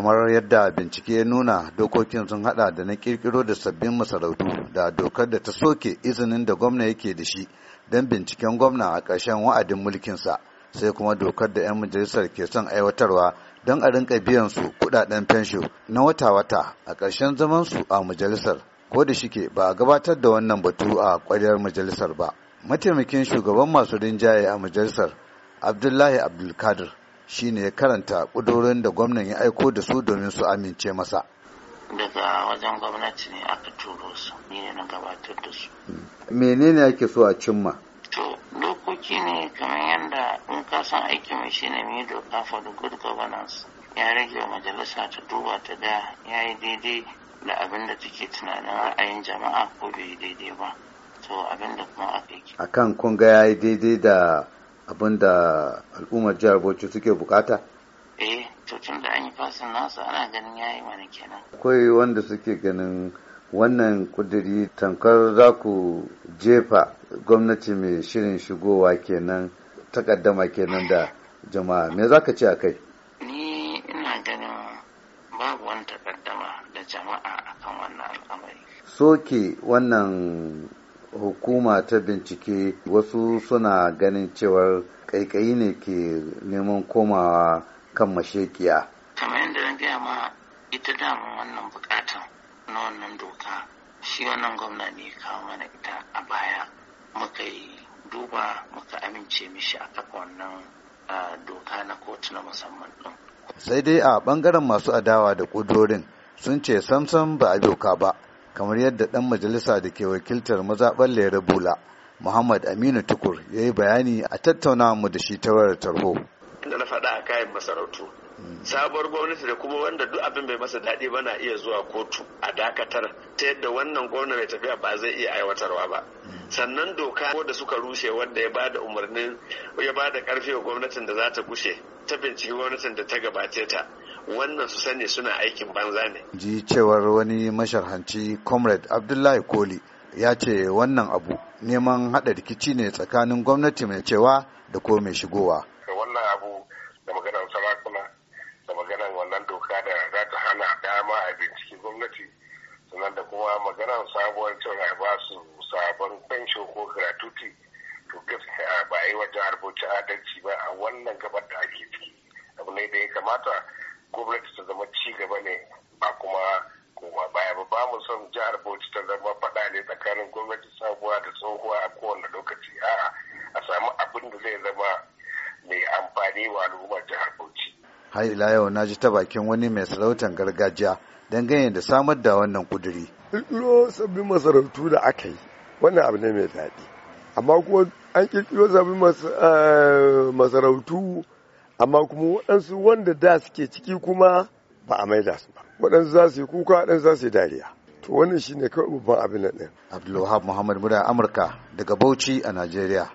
kamar yadda bincike ya nuna dokokin sun hada da na kirkiro da sabbin masarautu da dokar da ta soke izinin da gwamna yake da shi don binciken gwamna a ƙarshen wa'adin mulkinsa sai kuma dokar da 'yan majalisar ke son aiwatarwa don a rinka biyan su kudaden fensho na wata-wata a ƙarshen zaman su a majalisar ko da shike ba a gabatar da wannan batu a ƙwariyar majalisar ba mataimakin shugaban masu rinjaye a majalisar abdullahi abdulkadir shine ya karanta ƙudurorin da gwamnan ya aiko da su domin su amince masa. daga wajen gwamnati ne aka turo su ni ne na gabatar da su. Mm. menene ake so a cimma? to dokoki ne kamar yadda in ka san aiki mai shi mai doka for the good governance ya rage wa majalisa ta duba ta ga ya yi daidai da abin da take tunanin ra'ayin jama'a ko bai daidai ba to abin da kuma aka yi. akan kun ga ya yi daidai da abin da al'ummar jihar Bauchi suke bukata? Eh, to tun da an yi fasin nasu ana ganin ya yi mana kenan. Akwai wanda suke ganin wannan kudiri tankar za ku jefa gwamnati mai shirin shigowa kenan takaddama kenan da jama'a me za ka ce a kai? Ni ina ganin babu wani takaddama da jama'a akan wannan al'amari. Soke wannan hukuma ta bincike wasu suna ganin cewar ƙaiƙayi ne ke neman komawa kan mashekiya. kamar yadda na gaya ma ita dama wannan bukatan na wannan doka shi wannan gwamna ne ya kawo mana ita a baya muka yi duba muka amince mishi a kafa wannan doka na kotu na musamman ɗin. sai dai a ɓangaren masu adawa da ƙudurin, sun ce samsam ba a doka ba kamar yadda ɗan majalisa da ke wakiltar mazaɓar lera bula muhammad aminu tukur ya yi bayani a tattauna mu da shi ta wayar tarho da na faɗa a kayan masarautu sabuwar gwamnati da kuma wanda duk abin bai masa daɗi ba na iya zuwa kotu a dakatar ta yadda wannan gwamna mai tafiya ba zai iya aiwatarwa ba sannan doka ko da suka rushe wanda ya bada umarnin ya bada karfe wa gwamnatin da za ta gushe ta binciki gwamnatin da ta gabace ta wannan su sani suna aikin banza ne ji cewar wani masharhanci comrade abdullahi koli ya ce wannan abu neman haɗa rikici ne tsakanin gwamnati mai cewa da ko mai shigowa wannan abu da maganar sarakuna da maganar wannan doka da za ta hana dama a binciki gwamnati sannan da kuma maganar sabuwar cewa ba su sabon fensho ko gratuti to gaskiya ba a yi wajen harbocin adalci ba a wannan gabar da ake ciki abu ne da ya kamata gwamnati ta zama ci gaba ne ba kuma koma baya ba ba mu son jihar bauchi ta zama faɗa ne tsakanin gwamnati sabuwa da tsohuwa a kowane lokaci a'a a samu abin da zai zama mai amfani wa al'ummar jihar bauchi har ila yau na ji ta bakin wani mai sarautar gargajiya dangane da samar da wannan kuduri ƙirƙiro sabbin masarautu da aka yi wannan abu ne mai daɗi amma kuma an ƙirƙiro sabbin eh, masarautu amma kuma waɗansu wanda da suke ciki kuma ba a maida su ba waɗansu za su yi kuka waɗansu za su yi dariya to wannan shine kawai babban abin nan ɗin abdulwahab muhammad murar amurka daga bauchi a najeriya